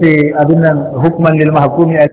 sai abin nan hukuman lil mahkumi